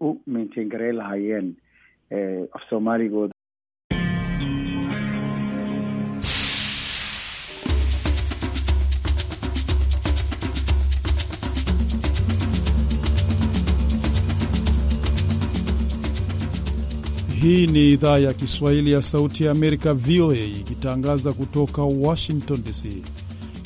u maintain garay lahaayeen e, af soomaaligooda. Hii ni idhaa ya Kiswahili ya Sauti ya Amerika, VOA, ikitangaza kutoka Washington DC.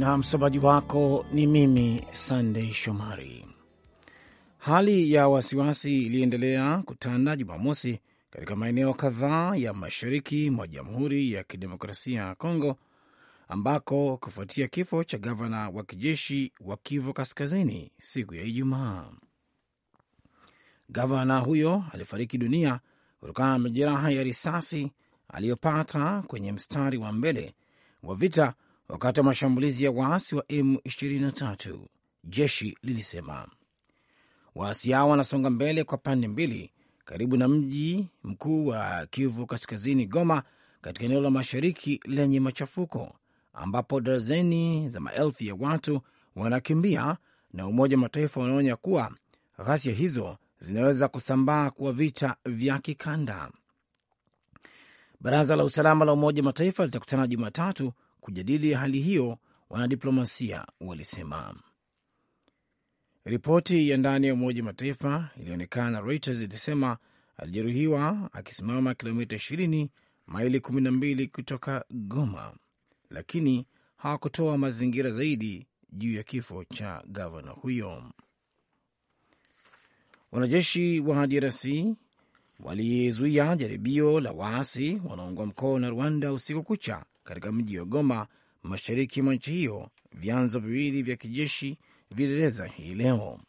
na msomaji wako ni mimi Sandei Shomari. Hali ya wasiwasi iliendelea kutanda Jumamosi katika maeneo kadhaa ya mashariki mwa Jamhuri ya Kidemokrasia ya Kongo, ambako kufuatia kifo cha gavana wa kijeshi wa Kivu Kaskazini siku ya Ijumaa, gavana huyo alifariki dunia kutokana na majeraha ya risasi aliyopata kwenye mstari wa mbele wa vita wakati wa mashambulizi ya waasi wa M23, jeshi lilisema. Waasi hao wanasonga mbele kwa pande mbili karibu na mji mkuu wa Kivu Kaskazini, Goma, katika eneo la mashariki lenye machafuko ambapo darzeni za maelfu ya watu wanakimbia, na Umoja wa Mataifa wanaonya kuwa ghasia hizo zinaweza kusambaa kuwa vita vya kikanda. Baraza la Usalama la Umoja wa Mataifa litakutana Jumatatu kujadili hali hiyo, wanadiplomasia walisema. Ripoti ya ndani ya Umoja Mataifa ilionekana Reuters ilisema alijeruhiwa akisimama kilomita 20 maili 12 kutoka Goma, lakini hawakutoa mazingira zaidi juu ya kifo cha gavana huyo. Wanajeshi wa DRC walizuia jaribio la waasi wanaungwa mkono na Rwanda usiku kucha katika mji wa Goma, mashariki mwa nchi hiyo, vyanzo viwili vya kijeshi vilieleza hii leo.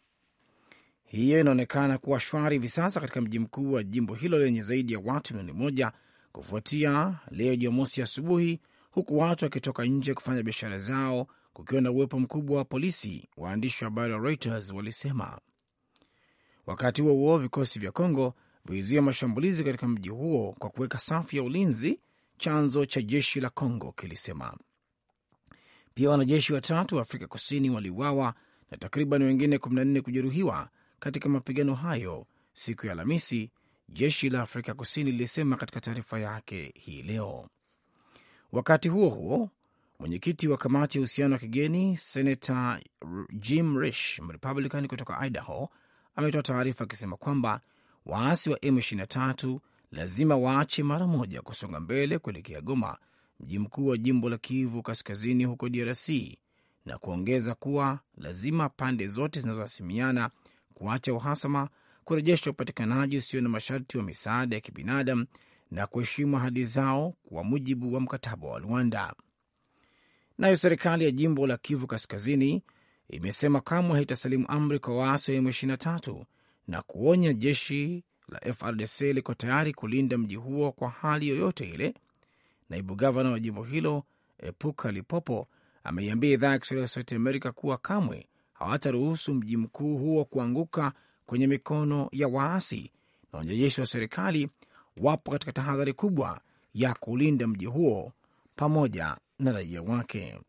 Hiyo inaonekana kuwa shwari hivi sasa katika mji mkuu wa jimbo hilo lenye zaidi ya watu milioni moja kufuatia leo Jumamosi asubuhi, huku watu wakitoka nje kufanya biashara zao, kukiwa na uwepo mkubwa wa polisi, waandishi wa habari wa Reuters walisema. Wakati huo huo, vikosi vya congo vilizuia mashambulizi katika mji huo kwa kuweka safu ya ulinzi chanzo cha jeshi la congo kilisema. Pia wanajeshi watatu wa Afrika Kusini waliuawa na takriban wengine 14 kujeruhiwa katika mapigano hayo siku ya Alhamisi, jeshi la Afrika Kusini lilisema katika taarifa yake hii leo. Wakati huo huo, mwenyekiti wa kamati ya uhusiano wa kigeni Senata Jim Risch, Mrepublican kutoka Idaho, ametoa taarifa akisema kwamba waasi wa M23 lazima waache mara moja kusonga mbele kuelekea Goma, mji mkuu wa jimbo la Kivu Kaskazini huko DRC, na kuongeza kuwa lazima pande zote zinazohasimiana kuacha uhasama, kurejesha upatikanaji usio na masharti wa misaada ya kibinadamu na kuheshimu ahadi zao kwa mujibu wa mkataba wa Luanda. Nayo serikali ya jimbo la Kivu Kaskazini imesema kamwe haitasalimu amri kwa waasi wa M23 na kuonya jeshi la FRDC liko tayari kulinda mji huo kwa hali yoyote ile. Naibu gavana wa jimbo hilo Epuka Lipopo ameiambia idhaa ya Kiswahili ya Sauti Amerika kuwa kamwe hawataruhusu mji mkuu huo kuanguka kwenye mikono ya waasi, na wanajeshi wa serikali wapo katika tahadhari kubwa ya kulinda mji huo pamoja na raia wake.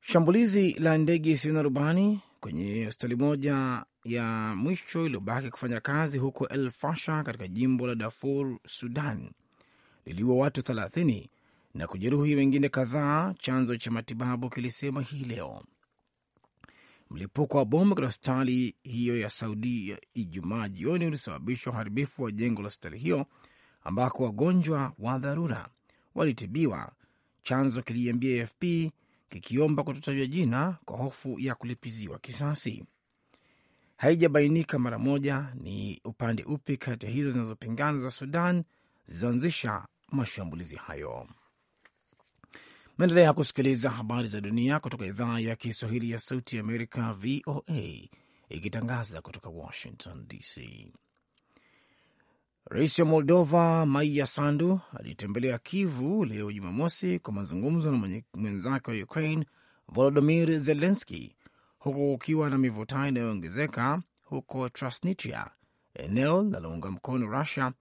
Shambulizi la ndege isiyo na rubani kwenye hospitali moja ya mwisho iliyobaki kufanya kazi huko El Fasha katika jimbo la Darfur, Sudan, liliua watu 30 na kujeruhi wengine kadhaa, chanzo cha matibabu kilisema hii leo. Mlipuko wa bomu katika hospitali hiyo ya Saudi Ijumaa jioni ulisababisha uharibifu wa jengo la hospitali hiyo ambako wagonjwa wa dharura walitibiwa, chanzo kiliambia AFP kikiomba kutotajwa jina kwa hofu ya kulipiziwa kisasi. Haijabainika mara moja ni upande upi kati ya hizo zinazopingana za Sudan zilizoanzisha mashambulizi hayo. maendelea kusikiliza habari za dunia kutoka idhaa ya Kiswahili ya Sauti ya Amerika, VOA, ikitangaza kutoka Washington DC. Rais wa Moldova Maia Sandu alitembelea Kivu leo Jumamosi kwa mazungumzo na mwenzake wa Ukraine Volodimir Zelenski, huku kukiwa na mivutano inayoongezeka huko Transnistria, eneo linalounga mkono Rusia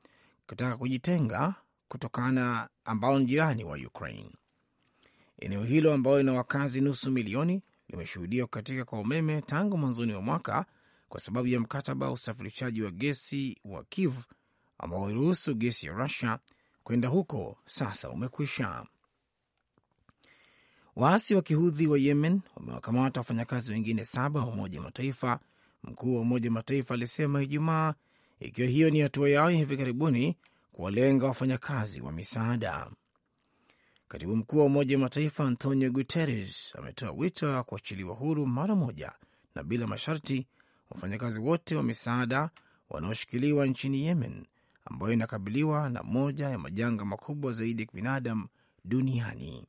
kutaka kujitenga kutokana, ambalo ni jirani wa Ukraine. Eneo hilo ambayo lina wakazi nusu milioni limeshuhudia kukatika kwa umeme tangu mwanzoni wa mwaka kwa sababu ya mkataba wa usafirishaji wa gesi wa kivu ambao uliruhusu gesi ya Rusia kwenda huko sasa umekwisha. Waasi wa kihudhi wa Yemen wamewakamata wafanyakazi wengine saba wa Umoja Mataifa, mkuu wa Umoja Mataifa alisema Ijumaa, ikiwa hiyo ni hatua yao ya hivi karibuni kuwalenga wafanyakazi wa misaada. Katibu mkuu wa Umoja wa Mataifa Antonio Guterres ametoa wito wa kuachiliwa huru mara moja na bila masharti wafanyakazi wote wa misaada wanaoshikiliwa nchini Yemen ambayo inakabiliwa na moja ya majanga makubwa zaidi ya kibinadamu duniani.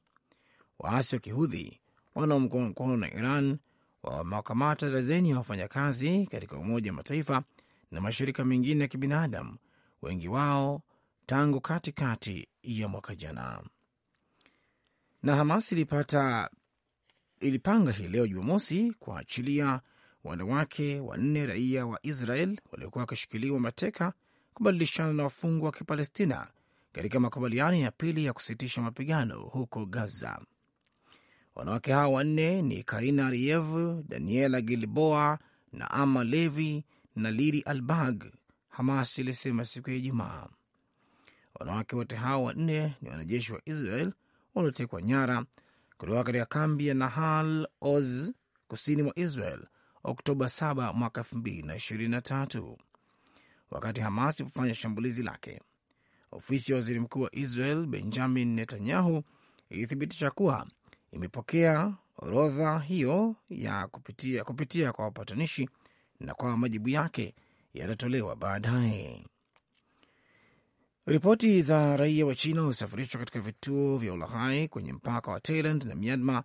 Waasi wa kihudhi wanaomkoa mkono na Iran wamewakamata dazeni ya wafanyakazi katika Umoja wa Mataifa na mashirika mengine ya kibinadamu, wengi wao tangu katikati ya mwaka jana. Na Hamas ilipata ilipanga hii leo Jumamosi kuachilia wanawake wanne raia wa Israel waliokuwa wakishikiliwa mateka kubadilishana na wafungwa wa Kipalestina katika makubaliano ya pili ya kusitisha mapigano huko Gaza. Wanawake hao wanne ni Karina Riev, Daniela Gilboa na Ama Levi na Liri Albag, Hamas ilisema siku ya Ijumaa. Wanawake wote hao wanne ni wanajeshi wa Israel waliotekwa nyara kutoka katika kambi ya Nahal Oz kusini mwa Israel Oktoba 7 mwaka 2023 wakati Hamas ilipofanya shambulizi lake. Ofisi ya waziri mkuu wa Israel Benjamin Netanyahu ilithibitisha kuwa imepokea orodha hiyo ya kupitia, kupitia kwa wapatanishi na kwamba majibu yake yatatolewa baadaye. Ripoti za raia wa China waliosafirishwa katika vituo vya ulaghai kwenye mpaka wa Thailand na Myanmar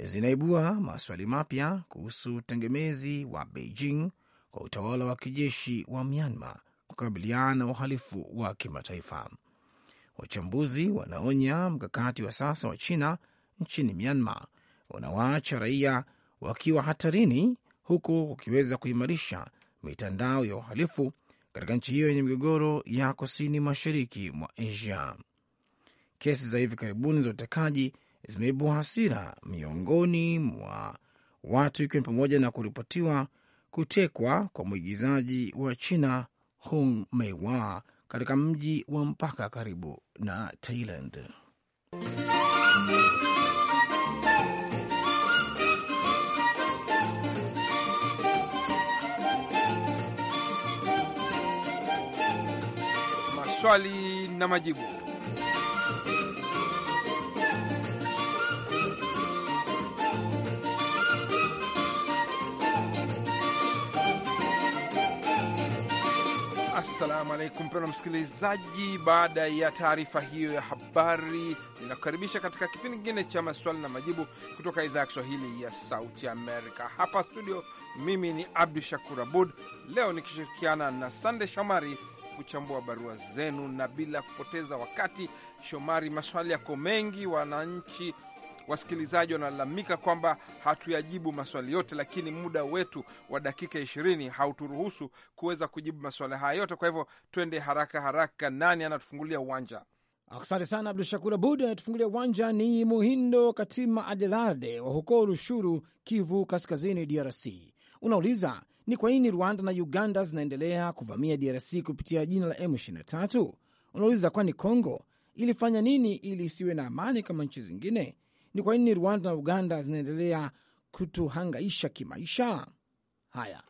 zinaibua maswali mapya kuhusu utegemezi wa Beijing kwa utawala wa kijeshi wa Myanmar kukabiliana na uhalifu wa kimataifa. Wachambuzi wanaonya mkakati wa sasa wa China nchini Myanmar unawaacha raia wakiwa hatarini, huku ukiweza kuimarisha mitandao ya uhalifu katika nchi hiyo yenye migogoro ya kusini mashariki mwa Asia. Kesi za hivi karibuni za utekaji zimeibua hasira miongoni mwa watu, ikiwa ni pamoja na kuripotiwa kutekwa kwa mwigizaji wa China Hung Meiwa katika mji wa mpaka karibu na Thailand. Maswali na majibu. Assalamu alaikum pena msikilizaji, baada ya taarifa hiyo ya habari, ninakukaribisha katika kipindi kingine cha maswali na majibu kutoka idhaa ya Kiswahili ya Sauti Amerika hapa studio. Mimi ni Abdu Shakur Abud, leo nikishirikiana na Sande Shomari kuchambua barua zenu, na bila kupoteza wakati, Shomari, maswali yako mengi, wananchi Wasikilizaji wanalalamika kwamba hatuyajibu maswali yote, lakini muda wetu wa dakika ishirini hauturuhusu kuweza kujibu maswali haya yote. Kwa hivyo twende haraka haraka. Nani anatufungulia uwanja? Asante sana Abdu Shakur Abud. Anatufungulia uwanja ni Muhindo Katima Adelarde wa huko Rushuru, Kivu Kaskazini, DRC. Unauliza ni kwa nini Rwanda na Uganda zinaendelea kuvamia DRC kupitia jina la M23. Unauliza kwani Kongo ilifanya nini ili isiwe na amani kama nchi zingine? ni kwa nini Rwanda na Uganda zinaendelea kutuhangaisha kimaisha? Haya,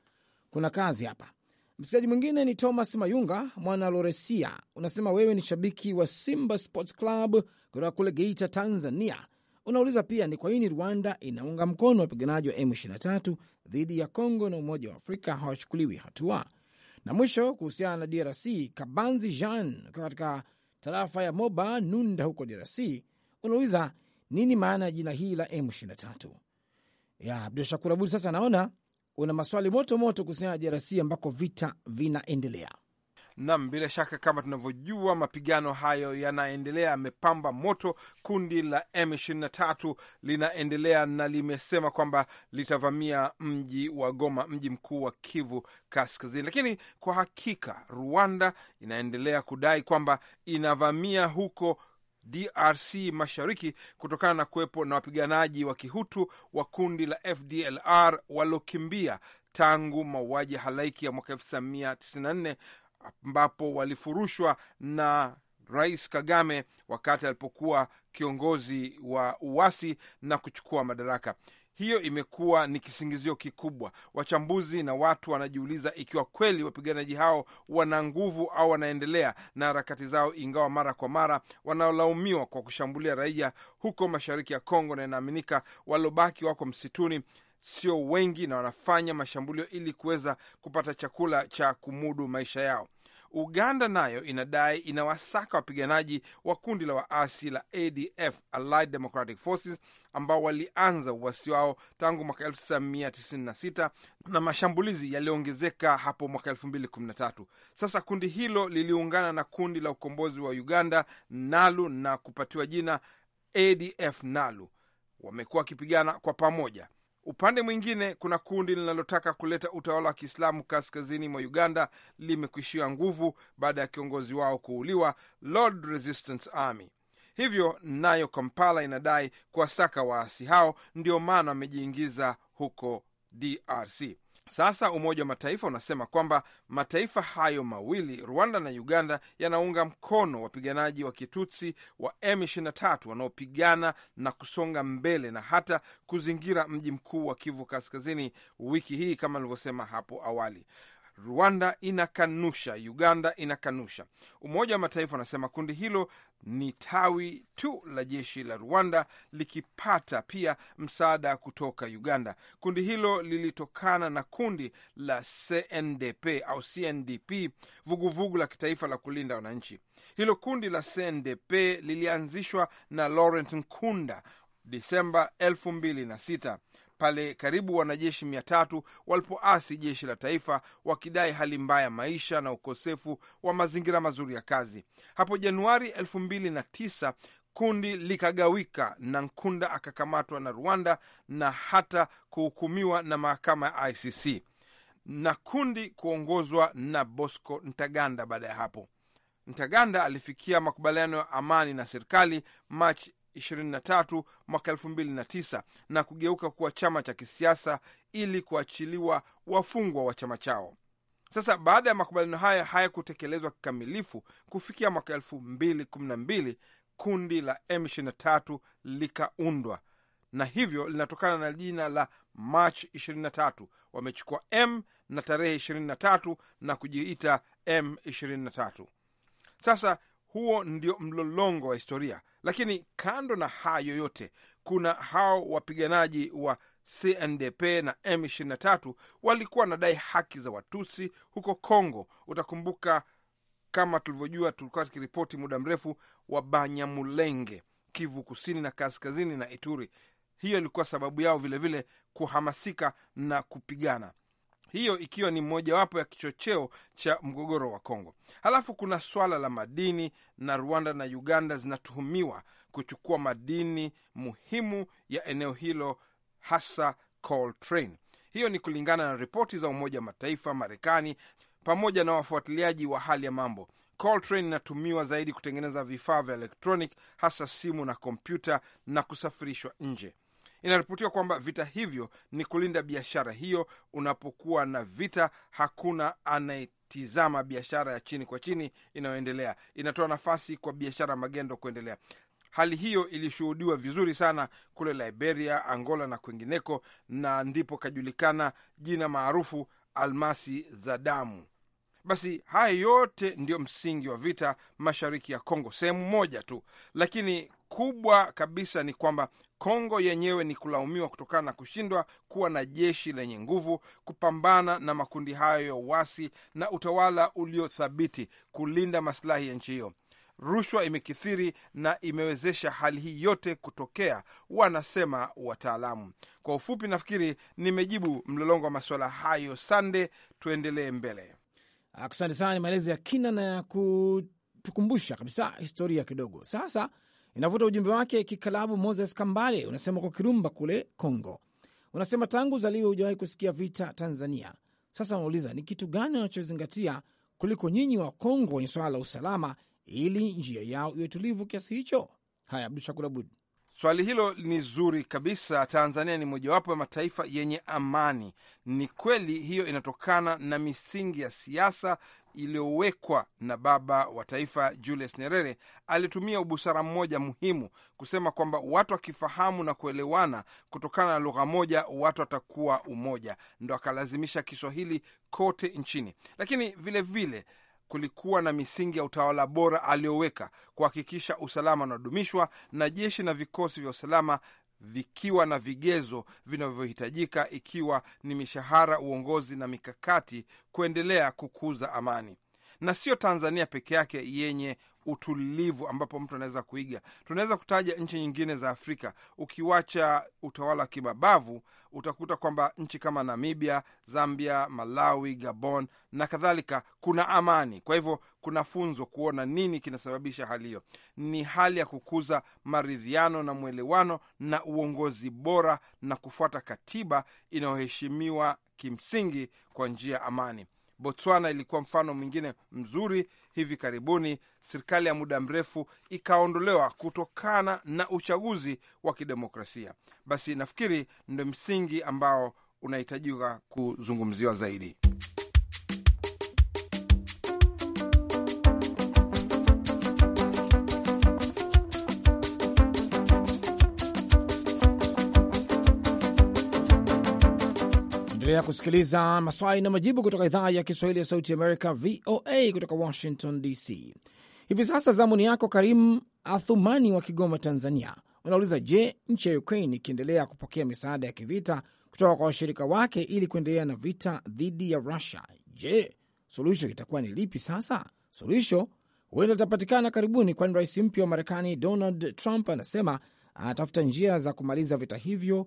kuna kazi hapa. Msikilizaji mwingine ni Thomas Mayunga mwana Loresia, unasema wewe ni shabiki wa Simba Sports Club kutoka kule Geita, Tanzania. Unauliza pia ni kwa nini Rwanda inaunga mkono wapiganaji wa M23 dhidi ya Congo na Umoja wa Afrika hawachukuliwi hatua. Na mwisho kuhusiana na DRC, Kabanzi Jean ukiwa katika tarafa ya Moba Nunda huko DRC unauliza nini maana ya jina hii la M23? Ya Abdul Shakur Abud, sasa naona una maswali moto moto kuhusiana na DRC ambako vita vinaendelea. Nam, bila shaka kama tunavyojua mapigano hayo yanaendelea, yamepamba moto. Kundi la M23 linaendelea na limesema kwamba litavamia mji wa Goma, mji mkuu wa Kivu Kaskazini. Lakini kwa hakika Rwanda inaendelea kudai kwamba inavamia huko DRC mashariki kutokana na kuwepo na wapiganaji wa kihutu wa kundi la FDLR waliokimbia tangu mauaji halaiki ya mwaka 1994 ambapo walifurushwa na Rais Kagame wakati alipokuwa kiongozi wa uasi na kuchukua madaraka. Hiyo imekuwa ni kisingizio kikubwa. Wachambuzi na watu wanajiuliza ikiwa kweli wapiganaji hao wana nguvu au wanaendelea na harakati zao, ingawa mara kwa mara wanaolaumiwa kwa kushambulia raia huko mashariki ya Kongo, na inaaminika waliobaki wako msituni sio wengi na wanafanya mashambulio ili kuweza kupata chakula cha kumudu maisha yao. Uganda nayo inadai inawasaka wapiganaji wa kundi la waasi la ADF, Allied Democratic Forces, ambao walianza uwasi wao tangu mwaka 1996 na mashambulizi yaliyoongezeka hapo mwaka 2013. Sasa kundi hilo liliungana na kundi la ukombozi wa Uganda NALU na kupatiwa jina ADF NALU. Wamekuwa wakipigana kwa pamoja. Upande mwingine kuna kundi linalotaka kuleta utawala wa Kiislamu kaskazini mwa Uganda limekwishiwa nguvu baada ya kiongozi wao kuuliwa, Lord Resistance Army. Hivyo nayo Kampala inadai kuwasaka waasi hao, ndio maana wamejiingiza huko DRC. Sasa Umoja wa Mataifa unasema kwamba mataifa hayo mawili Rwanda na Uganda yanaunga mkono wapiganaji wa Kitutsi wa M23 wanaopigana na kusonga mbele na hata kuzingira mji mkuu wa Kivu Kaskazini wiki hii, kama alivyosema hapo awali. Rwanda inakanusha, Uganda inakanusha. Umoja wa Mataifa unasema kundi hilo ni tawi tu la jeshi la Rwanda likipata pia msaada kutoka Uganda. Kundi hilo lilitokana na kundi la CNDP au CNDP, vuguvugu vugu la kitaifa la kulinda wananchi. Hilo kundi la CNDP lilianzishwa na Laurent Nkunda Disemba 2006 pale karibu wanajeshi mia tatu walipoasi jeshi la taifa wakidai hali mbaya ya maisha na ukosefu wa mazingira mazuri ya kazi. Hapo Januari 2009 kundi likagawika na Nkunda akakamatwa na Rwanda na hata kuhukumiwa na mahakama ya ICC na kundi kuongozwa na Bosco Ntaganda. Baada ya hapo Ntaganda alifikia makubaliano ya amani na serikali Machi 23 mwaka 2009 na kugeuka kuwa chama cha kisiasa ili kuachiliwa wafungwa wa chama chao. Sasa baada ya makubaliano haya hayakutekelezwa kikamilifu kufikia mwaka 2012, kundi la M23 likaundwa na hivyo linatokana na jina la March 23. Wamechukua M na tarehe 23 na kujiita M23. Sasa huo ndio mlolongo wa historia. Lakini kando na hayo yote, kuna hao wapiganaji wa CNDP na M23 walikuwa wanadai haki za Watusi huko Kongo. Utakumbuka kama tulivyojua, tulikuwa tukiripoti muda mrefu wa Banyamulenge, Kivu Kusini na Kaskazini na Ituri. Hiyo ilikuwa sababu yao vilevile vile kuhamasika na kupigana hiyo ikiwa ni mojawapo ya kichocheo cha mgogoro wa Kongo. Halafu kuna swala la madini, na Rwanda na Uganda zinatuhumiwa kuchukua madini muhimu ya eneo hilo, hasa Coltrane. Hiyo ni kulingana na ripoti za Umoja wa Mataifa, Marekani pamoja na wafuatiliaji wa hali ya mambo. Coltrane inatumiwa zaidi kutengeneza vifaa vya elektronic, hasa simu na kompyuta, na kusafirishwa nje. Inaripotiwa kwamba vita hivyo ni kulinda biashara hiyo. Unapokuwa na vita, hakuna anayetizama biashara ya chini kwa chini inayoendelea, inatoa nafasi kwa biashara magendo kuendelea. Hali hiyo ilishuhudiwa vizuri sana kule Liberia, Angola na kwingineko, na ndipo kajulikana jina maarufu almasi za damu. Basi haya yote ndiyo msingi wa vita mashariki ya Kongo, sehemu moja tu, lakini kubwa kabisa ni kwamba Kongo yenyewe ni kulaumiwa kutokana na kushindwa kuwa na jeshi lenye nguvu kupambana na makundi hayo ya uasi na utawala uliothabiti kulinda masilahi ya nchi hiyo. Rushwa imekithiri na imewezesha hali hii yote kutokea, wanasema wataalamu. Kwa ufupi, nafikiri nimejibu mlolongo wa masuala hayo. Sande, tuendelee mbele. Asante sana, ni maelezo ya kina na ya kutukumbusha kabisa historia kidogo. Sasa inavuta ujumbe wake kikalabu. Moses Kambale unasema kwa Kirumba kule congo unasema tangu uzaliwe hujawahi kusikia vita Tanzania. Sasa unauliza ni kitu gani wanachozingatia kuliko nyinyi wa Kongo wenye swala la usalama, ili njia yao iwe tulivu kiasi hicho? Haya, Abdu Shakur Abud. Swali hilo ni zuri kabisa. Tanzania ni mojawapo ya mataifa yenye amani. Ni kweli hiyo inatokana na misingi ya siasa iliyowekwa na baba wa taifa Julius Nyerere, alitumia ubusara mmoja muhimu kusema kwamba watu wakifahamu na kuelewana kutokana na lugha moja, watu watakuwa umoja. Ndo akalazimisha Kiswahili kote nchini, lakini vilevile vile, kulikuwa na misingi ya utawala bora aliyoweka kuhakikisha usalama unadumishwa na jeshi na vikosi vya usalama vikiwa na vigezo vinavyohitajika, ikiwa ni mishahara, uongozi na mikakati kuendelea kukuza amani. Na siyo Tanzania peke yake yenye utulivu ambapo mtu anaweza kuiga. Tunaweza kutaja nchi nyingine za Afrika. Ukiwacha utawala wa kimabavu, utakuta kwamba nchi kama Namibia, Zambia, Malawi, Gabon na kadhalika kuna amani. Kwa hivyo kuna funzo kuona nini kinasababisha hali hiyo. Ni hali ya kukuza maridhiano na mwelewano na uongozi bora na kufuata katiba inayoheshimiwa kimsingi kwa njia ya amani. Botswana ilikuwa mfano mwingine mzuri. Hivi karibuni serikali ya muda mrefu ikaondolewa kutokana na uchaguzi wa kidemokrasia. Basi nafikiri ndio msingi ambao unahitajika kuzungumziwa zaidi. Endelea kusikiliza maswali na majibu kutoka idhaa ya Kiswahili ya Sauti Amerika, VOA, kutoka Washington DC. Hivi sasa zamu ni yako Karim Athumani wa Kigoma, Tanzania. Unauliza, je, nchi ya Ukraine ikiendelea kupokea misaada ya kivita kutoka kwa washirika wake ili kuendelea na vita dhidi ya Russia, je, suluhisho itakuwa ni lipi? Sasa suluhisho huenda litapatikana karibuni, kwani rais mpya wa Marekani Donald Trump anasema anatafuta njia za kumaliza vita hivyo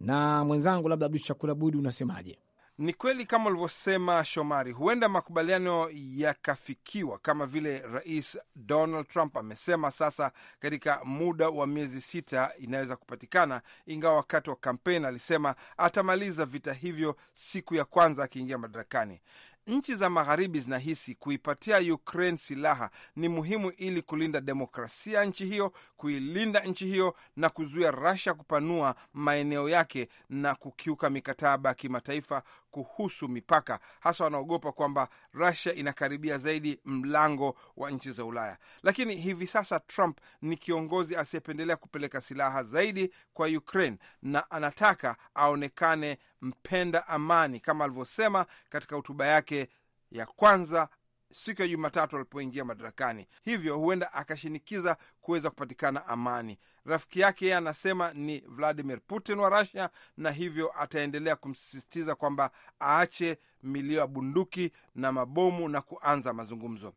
na mwenzangu labda Abdu Shakur Abudi, unasemaje? Ni kweli kama ulivyosema Shomari, huenda makubaliano yakafikiwa kama vile Rais Donald Trump amesema. Sasa katika muda wa miezi sita inaweza kupatikana, ingawa wakati wa kampeni alisema atamaliza vita hivyo siku ya kwanza akiingia madarakani. Nchi za magharibi zinahisi kuipatia Ukraine silaha ni muhimu ili kulinda demokrasia nchi hiyo, kuilinda nchi hiyo na kuzuia Russia kupanua maeneo yake na kukiuka mikataba ya kimataifa kuhusu mipaka. Hasa wanaogopa kwamba Russia inakaribia zaidi mlango wa nchi za Ulaya. Lakini hivi sasa Trump ni kiongozi asiyependelea kupeleka silaha zaidi kwa Ukraine na anataka aonekane mpenda amani, kama alivyosema katika hotuba yake ya kwanza siku ya Jumatatu alipoingia madarakani. Hivyo huenda akashinikiza kuweza kupatikana amani. Rafiki yake yeye anasema ni Vladimir Putin wa rasia na hivyo ataendelea kumsisitiza kwamba aache milio ya bunduki na mabomu na kuanza mazungumzo.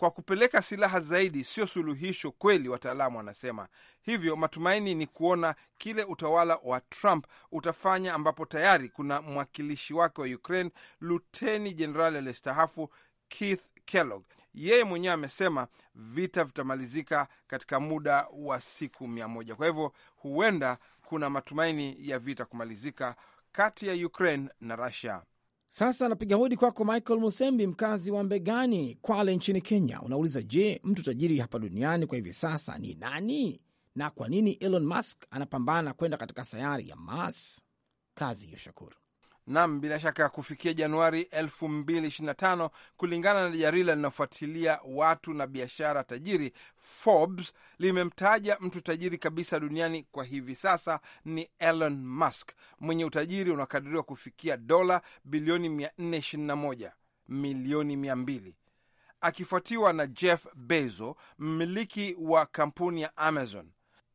Kwa kupeleka silaha zaidi sio suluhisho kweli, wataalamu wanasema hivyo. Matumaini ni kuona kile utawala wa Trump utafanya, ambapo tayari kuna mwakilishi wake wa Ukraine, luteni jenerali aliyestaafu Keith Kellogg. Yeye mwenyewe amesema vita vitamalizika katika muda wa siku mia moja. Kwa hivyo huenda kuna matumaini ya vita kumalizika kati ya Ukraine na Russia. Sasa napiga hodi kwako Michael Musembi, mkazi wa Mbegani, Kwale nchini Kenya. Unauliza, je, mtu tajiri hapa duniani kwa hivi sasa ni nani na kwa nini Elon Musk anapambana kwenda katika sayari ya Mars? Kazi hiyo, shukuru. Nam, bila shaka kufikia Januari 2025 kulingana na jarida linaofuatilia watu na biashara tajiri Forbes, limemtaja mtu tajiri kabisa duniani kwa hivi sasa ni Elon Musk mwenye utajiri unakadiriwa kufikia dola bilioni 421 milioni 200, akifuatiwa na Jeff Bezos, mmiliki wa kampuni ya Amazon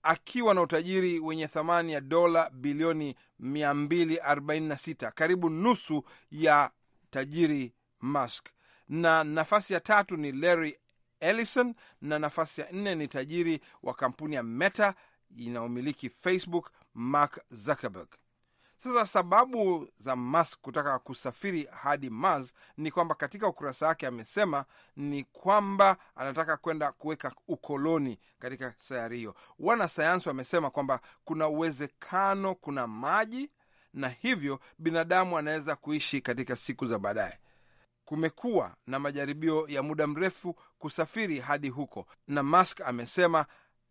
akiwa na utajiri wenye thamani ya dola bilioni 246, karibu nusu ya tajiri Musk. Na nafasi ya tatu ni Larry Ellison, na nafasi ya nne ni tajiri wa kampuni ya Meta inayomiliki Facebook, Mark Zuckerberg. Sasa sababu za Musk kutaka kusafiri hadi Mars ni kwamba katika ukurasa wake amesema ni kwamba anataka kwenda kuweka ukoloni katika sayari hiyo. Wanasayansi wamesema kwamba kuna uwezekano kuna maji na hivyo binadamu anaweza kuishi katika siku za baadaye. Kumekuwa na majaribio ya muda mrefu kusafiri hadi huko, na Musk amesema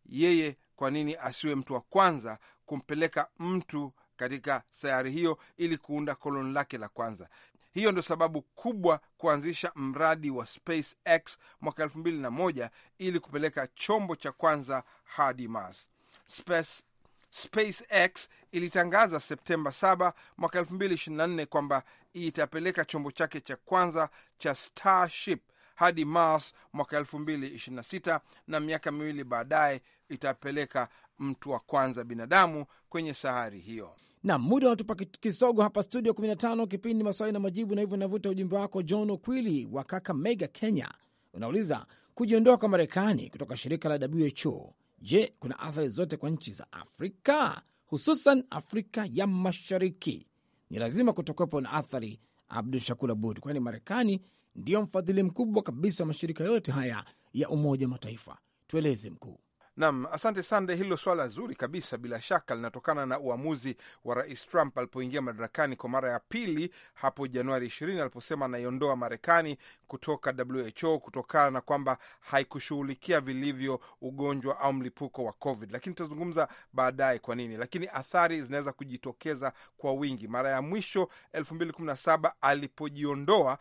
yeye, kwa nini asiwe mtu wa kwanza kumpeleka mtu katika sayari hiyo ili kuunda koloni lake la kwanza. Hiyo ndio sababu kubwa kuanzisha mradi wa SpaceX mwaka elfu mbili na moja ili kupeleka chombo cha kwanza hadi Mars. Space, SpaceX ilitangaza Septemba 7 mwaka 2024 kwamba itapeleka chombo chake cha kwanza cha Starship hadi Mars mwaka 2026 na miaka miwili baadaye itapeleka mtu wa kwanza binadamu kwenye sayari hiyo na muda unatupa kisogo hapa studio 15, kipindi maswali na majibu, na hivyo navuta ujumbe wako John Okwili wa kaka mega Kenya. Unauliza kujiondoa kwa Marekani kutoka shirika la WHO, je, kuna athari zote kwa nchi za Afrika hususan Afrika ya Mashariki? Ni lazima kutokwepo na athari, abdu Shakur Abud, kwani Marekani ndiyo mfadhili mkubwa kabisa wa mashirika yote haya ya Umoja Mataifa. Tueleze mkuu. Nam, asante Sande. Hilo swala zuri kabisa, bila shaka linatokana na uamuzi wa Rais Trump alipoingia madarakani kwa mara ya pili hapo Januari 20 aliposema anaiondoa Marekani kutoka WHO kutokana na kwamba haikushughulikia vilivyo ugonjwa au mlipuko wa COVID, lakini tutazungumza baadaye kwa nini, lakini athari zinaweza kujitokeza kwa wingi. Mara ya mwisho 2017 alipojiondoa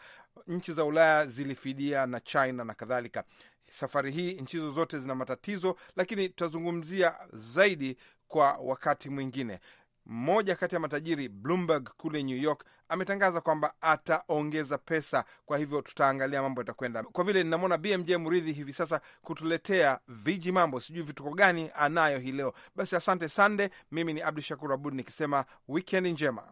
nchi za Ulaya zilifidia na China na kadhalika. Safari hii nchi hizo zote zina matatizo, lakini tutazungumzia zaidi kwa wakati mwingine. Mmoja kati ya matajiri Bloomberg kule New York ametangaza kwamba ataongeza pesa. Kwa hivyo tutaangalia mambo yatakwenda kwa vile. Ninamwona BMJ Muridhi hivi sasa kutuletea viji mambo, sijui vituko gani anayo hii leo. Basi asante sande. Mimi ni Abdu Shakur Abud nikisema wikendi njema.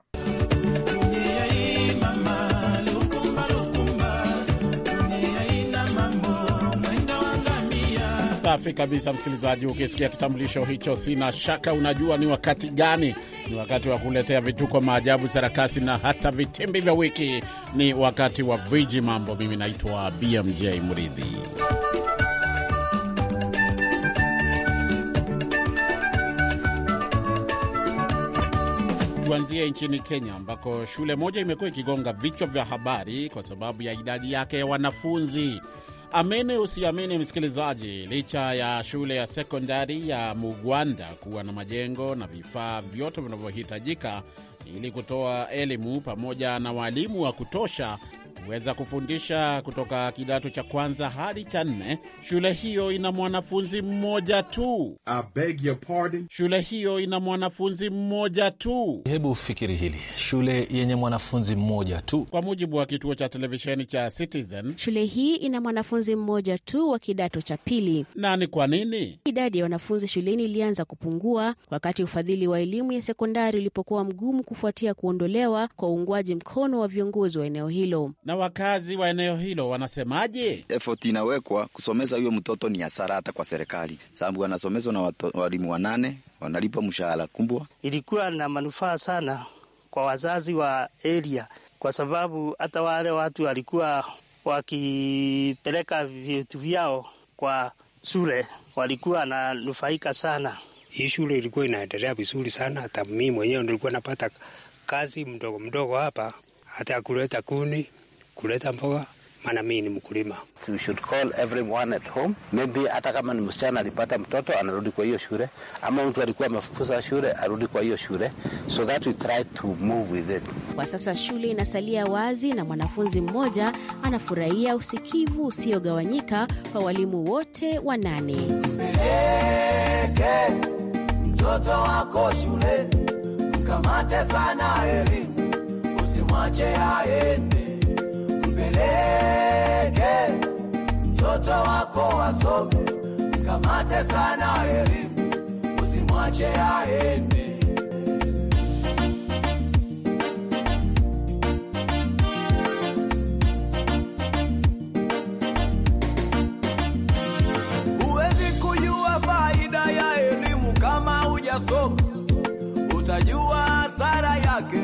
Safi kabisa, msikilizaji, ukisikia kitambulisho hicho, sina shaka unajua ni wakati gani. Ni wakati wa kuletea vituko, maajabu, sarakasi na hata vitimbi vya wiki. Ni wakati wa viji mambo. Mimi naitwa BMJ mridhi Tuanzie nchini Kenya ambako shule moja imekuwa ikigonga vichwa vya habari kwa sababu ya idadi yake ya wanafunzi. Amini usiamini, msikilizaji, licha ya shule ya sekondari ya Mugwanda kuwa na majengo na vifaa vyote vinavyohitajika ili kutoa elimu pamoja na walimu wa kutosha, huweza kufundisha kutoka kidato cha kwanza hadi cha nne. Shule hiyo ina mwanafunzi mmoja tu. I beg your pardon. Shule hiyo ina mwanafunzi mmoja tu. Hebu fikiri hili, shule yenye mwanafunzi mmoja tu. Kwa mujibu wa kituo cha televisheni cha Citizen, shule hii ina mwanafunzi mmoja tu wa kidato cha pili. Na ni kwa nini idadi ya wanafunzi shuleni ilianza kupungua wakati ufadhili wa elimu ya sekondari ulipokuwa mgumu kufuatia kuondolewa kwa uungwaji mkono wa viongozi wa eneo hilo na wakazi wa eneo hilo wanasemaje? Efoti inawekwa kusomeza huyo mtoto ni hasara hata kwa serikali, sababu anasomezwa na walimu wanane, wanalipa mshahara kubwa. Ilikuwa na manufaa sana kwa wazazi wa eria kwa sababu hata wale watu walikuwa wakipeleka vitu vyao kwa shule walikuwa wananufaika sana. Hii shule ilikuwa inaendelea vizuri sana, hata mimi mwenyewe nilikuwa napata kazi mdogo mdogo hapa, hata kuleta kuni kuleta mboga, maana mii ni mkulima. We should call everyone at home. Maybe hata kama ni msichana alipata mtoto anarudi kwa hiyo shule, ama mtu alikuwa amefukuza shule arudi kwa hiyo shule, so that we try to move with it. Kwa sasa shule inasalia wazi na mwanafunzi mmoja anafurahia usikivu usiogawanyika kwa walimu wote wanane. nane mtoto wako shuleni, mkamate sana elimu, usimwache aende Mpeleke mtoto wako wasome, mkamate sana elimu, usimwache aende. Huwezi kujua faida ya elimu kama hujasoma, utajua hasara yake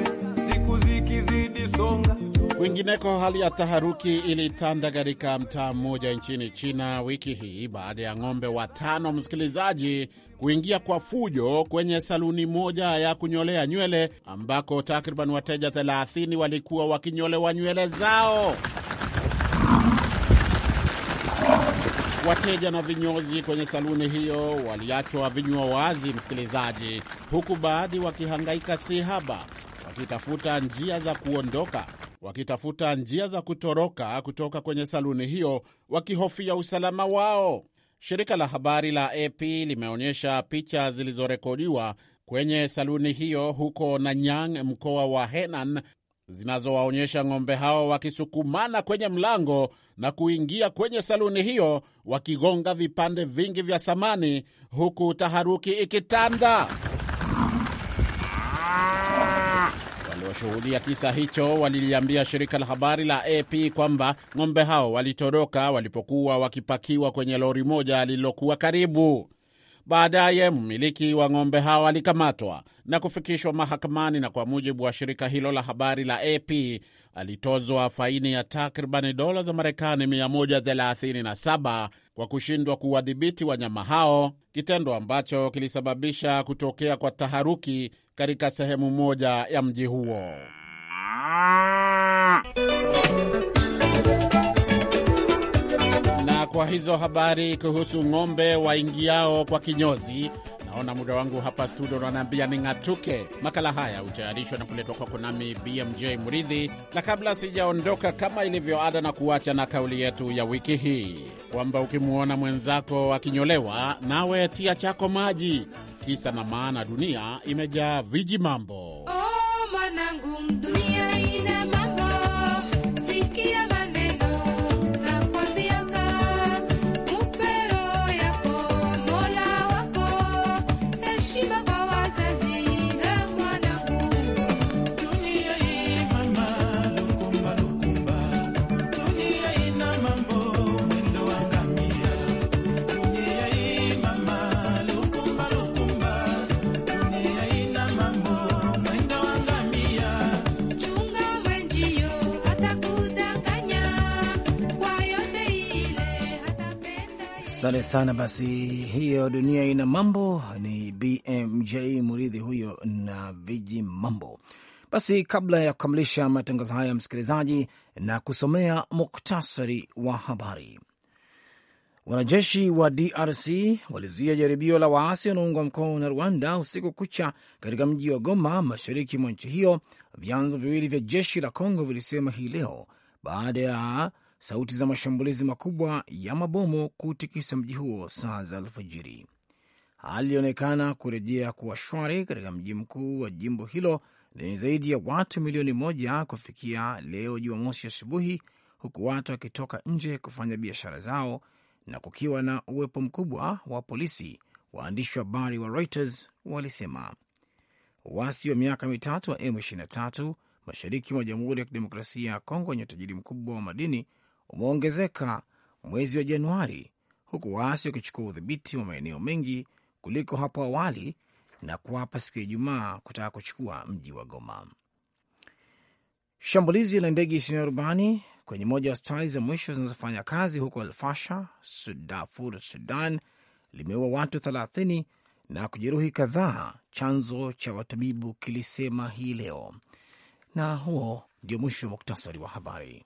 siku zikizidi songa Kwingineko, hali ya taharuki ilitanda katika mtaa mmoja nchini China wiki hii baada ya ng'ombe watano, msikilizaji, kuingia kwa fujo kwenye saluni moja ya kunyolea nywele ambako takriban wateja 30 walikuwa wakinyolewa nywele zao. Wateja na vinyozi kwenye saluni hiyo waliachwa vinywa wazi, msikilizaji, huku baadhi wakihangaika si haba wakitafuta njia za kuondoka wakitafuta njia za kutoroka kutoka kwenye saluni hiyo wakihofia usalama wao. Shirika la habari la AP limeonyesha picha zilizorekodiwa kwenye saluni hiyo huko Nanyang, mkoa wa Henan, zinazowaonyesha ng'ombe hao wakisukumana kwenye mlango na kuingia kwenye saluni hiyo wakigonga vipande vingi vya samani huku taharuki ikitanda walioshuhudia kisa hicho waliliambia shirika la habari la AP kwamba ng'ombe hao walitoroka walipokuwa wakipakiwa kwenye lori moja lililokuwa karibu. Baadaye mmiliki wa ng'ombe hao alikamatwa na kufikishwa mahakamani, na kwa mujibu wa shirika hilo la habari la AP alitozwa faini ya takribani dola za Marekani 137 kwa kushindwa kuwadhibiti wanyama hao, kitendo ambacho kilisababisha kutokea kwa taharuki katika sehemu moja ya mji huo. Na kwa hizo habari kuhusu ng'ombe waingiao kwa kinyozi Naona muda wangu hapa studio unaniambia ning'atuke. Makala haya hutayarishwa na kuletwa kwako nami BMJ Muridhi, na kabla sijaondoka, kama ilivyo ada, na kuacha na kauli yetu ya wiki hii kwamba ukimwona mwenzako akinyolewa, nawe tia chako maji. Kisa na maana, dunia imejaa viji mambo. Asante sana. Basi hiyo dunia ina mambo, ni BMJ Muridhi huyo na viji mambo. Basi kabla ya kukamilisha matangazo haya, msikilizaji, na kusomea muktasari wa habari. Wanajeshi wa DRC walizuia jaribio la waasi wanaoungwa mkono na Rwanda usiku kucha katika mji wa Goma, mashariki mwa nchi hiyo, vyanzo viwili vya jeshi la congo vilisema hii leo baada ya sauti za mashambulizi makubwa ya mabomu kutikisa mji huo saa za alfajiri. Hali ilionekana kurejea kuwa shwari katika mji mkuu wa jimbo hilo lenye zaidi ya watu milioni moja kufikia leo Jumamosi asubuhi, huku watu wakitoka nje kufanya biashara zao na kukiwa na uwepo mkubwa wa polisi. Waandishi wa habari wa Reuters walisema uasi wa miaka mitatu wa M23 mashariki mwa Jamhuri ya Kidemokrasia ya Kongo wenye utajiri mkubwa wa madini umeongezeka mwezi wa Januari, huku waasi wakichukua udhibiti wa maeneo mengi kuliko hapo awali na kuwapa siku ya Ijumaa kutaka kuchukua mji wa Goma. Shambulizi la ndege isiyo na rubani kwenye moja ya hospitali za mwisho zinazofanya kazi huko Alfasha, Darfur, Sudan, limeua watu 30 na kujeruhi kadhaa, chanzo cha watabibu kilisema hii leo. Na huo ndio mwisho wa muktasari wa habari.